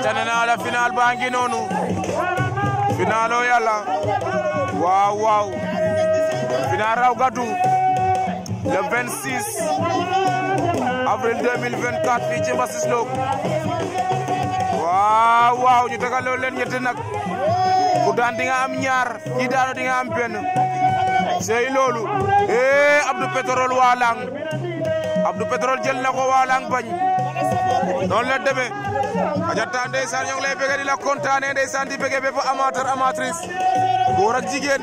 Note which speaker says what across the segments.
Speaker 1: aca nee naa la final baa ngi noonu final o yàlla waaw waaw final raw gadu le 26 avril 2024 ci Mbasis Log waaw ñu tegaloo leen ñetti nag ku daan di nga am ñaar ñi daano di nga am benn sey loolu eh Abdou Pétrole Walang Abdou Pétrole jël na ko Walang bañ noonu la demee Adiatta ndeysaan ñoo ngi lay bëgg di la kontaane ndeysaan di bëgg bépp amateur amatrice góor jigéen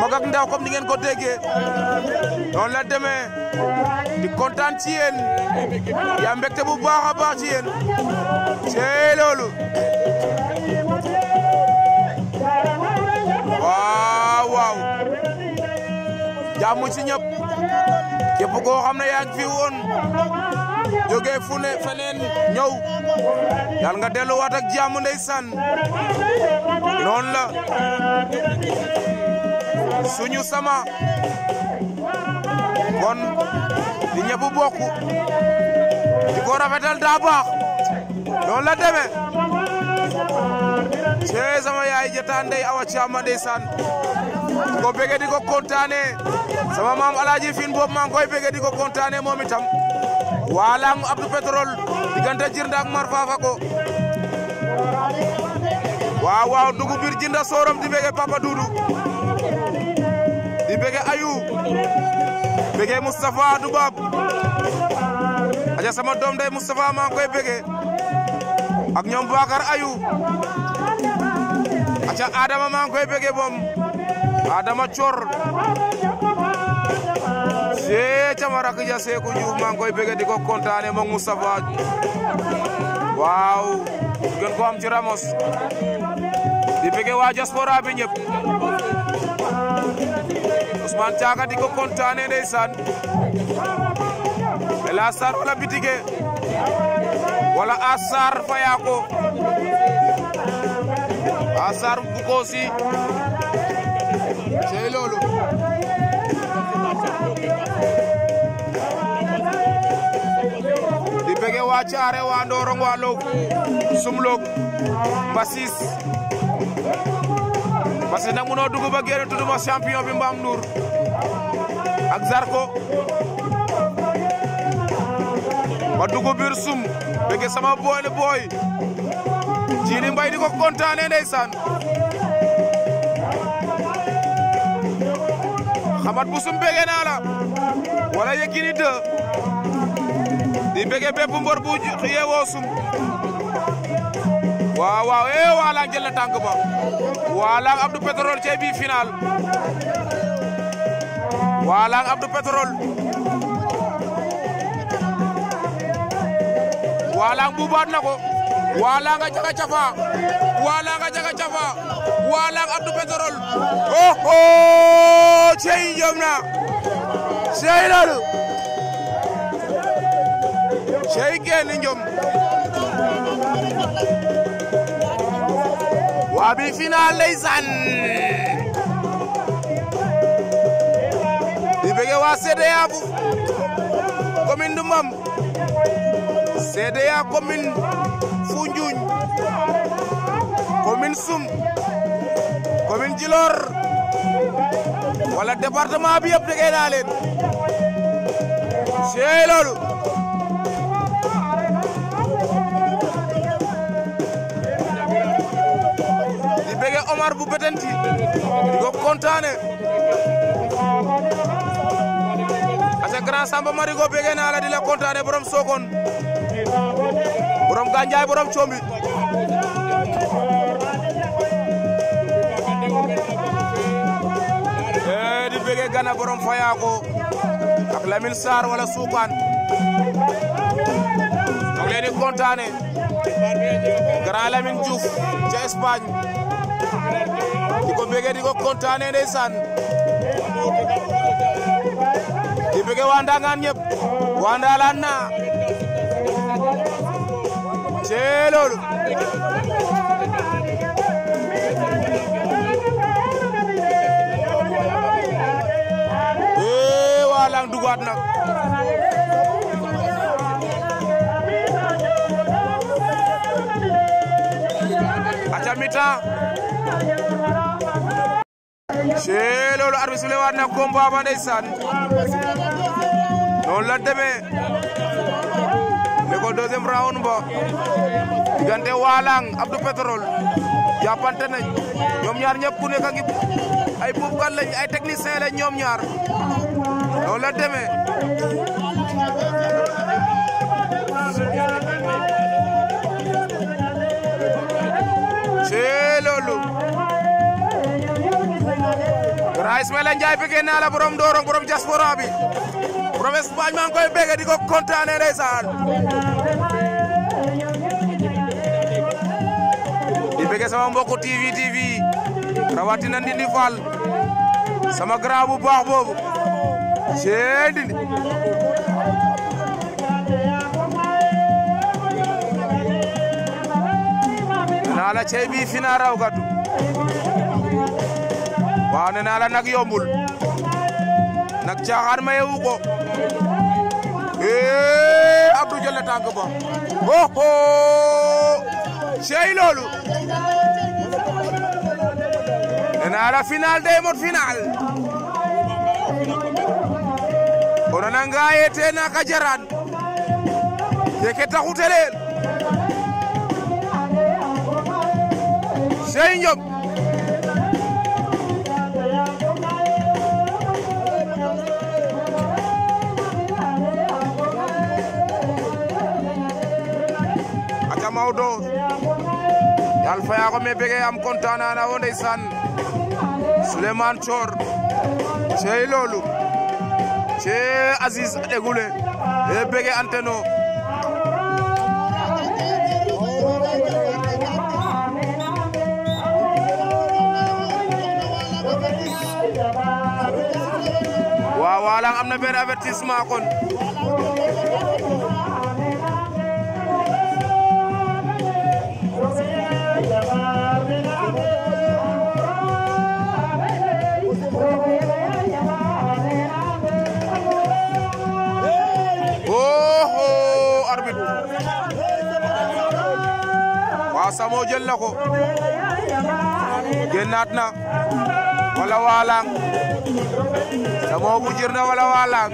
Speaker 1: mag ndaw comme ni ngeen ko déggee la demee di kontaan ci yaa mbégte bu baax baax ci yéen c'est loolu ci ñëpp képp koo xam yaa ngi fi woon jógee fu ne feneen ñëw yàlla nga delluwaat ak jàmm ndeysaan noonu la suñu sama kon li ñëpp bokk di ko rafetal daa baax noonu la demee cee sama yaay jotaan ndey awa caama ndeysaan di ko bëgg di ko kontaanee sama maam alaaji fin boobu maa ngi koy bëgg di ko kontaanee moom waa laamu Abdou Pétrole diggante Djirnda ak Mar Fafako waaw waaw dugub biir Djirnda di bëgg Papa Doudou di bëgg Ayou bëgg Moustapha Dubab aja sama doom day Moustapha maa koy bëgg ak ñoom Bakar Ayou aja Adama maa ngi koy bëgg moom Adama Thior se camara kija se ko juuf maa ngi koy bëgg di ko kontaane gën ko am ci Ramos di bëgg waa diaspora bi ñëpp Ousmane Thiaka di ko kontaane ndeysaan la sar wala bitige wala asar fayako asar bu ko si c'est loolu di bëgg waa Caare waa Ndorong waa Log Sumlog Basis parce que munoo dugg ba génn tudduma champion bi Mbam Ndour ak Zarko ma dugg biir sum bëgg sama booy booy Jili Mbay di ko kontaane Amat Boussoum bëgg naa la wala Yékini di bëgg bépp mbër bu yeewoo sum waaw waaw eh na tànk ba Walang Abdou Pétrole ci bi final Walang Abdou Pétrole Walang buubaat na ko. walanga jaga cafa walanga jaga cafa walang abdou pétrole oh oh cey jomna cey lalu cey genn njom waa bi final ndeysaan di bëgg waa CDA bu commune du Mbam CDA ya, commune Founjoun, commune Soum commune Djilor wala département bi yëpp degee naa leen di Omar bu Bettenty di ko kontaane grand Samba Marigo bëgge la di la borom Sokone borom Gandiaye borom Coombi ee eh, di bëgg Gana borom Fayaako ak Lamine Sarr wala Suukaan ak leen di kontaane Grand Lamine Diouf ca Espagne di ko bëgg di ko kontaane ndeysaan di bëgg waa Ndangaan ñëpp waa Ndaalaan naa c'est loolu ee waa lang dugaat nag aca mi-temps c'est loolu arbitre bi sifflé waat na combat ba ndeysaan noonu la demee deuxième round ba diggante Walang Abdou Pétrole jàppante nañ ñoom ñaar ñëpp ku nekk ak ay buubkat lañ ay technicien lañ ñoom ñaar loolu la demee c'est loolu Ismaïla Ndiaye fekkee naa la borom Ndorong borom Robes Espagne maa ngi koy bége di ko kontaanee ndeysaan di bége sama mbokku TV TV rawatina Ndindi Fall sama grand baax boobu cee Ndindi naa la cey bi raw gàddu waaw ne naa la nag yombul nag caaxaan mayewu ko ee eh, Abdou jël ba oh oh sey loolu nee naa la final day mot final nanga yete na ka jaran keke taxu te sey Ndiop Maodo waalang am na benn avertissement kon Samo jël na ko génnaat na wala waalang Samo bu na wala waalang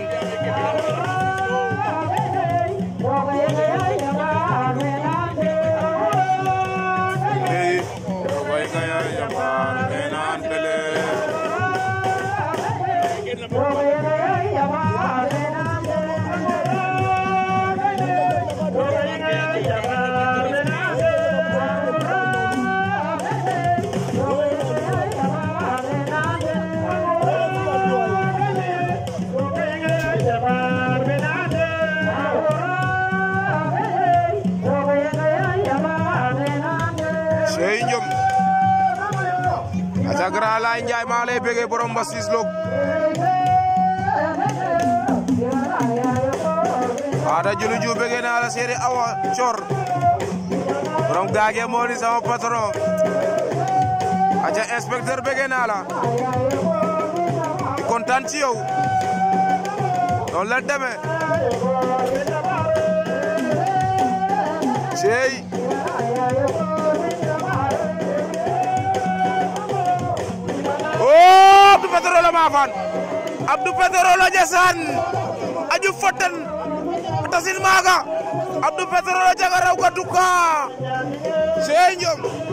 Speaker 1: Grand Laye Ndiaye maa lay bëggee borom ba siis log Ada Julu naa la séeri Awa Coor borom gaage moo sama patron aca inspecteur bëggee naa la di kontaan ci yow la demee sey Mafan Abdou Petrol San, aju foten tasin maga Abdou Petrol jagaraw ka duka seenjom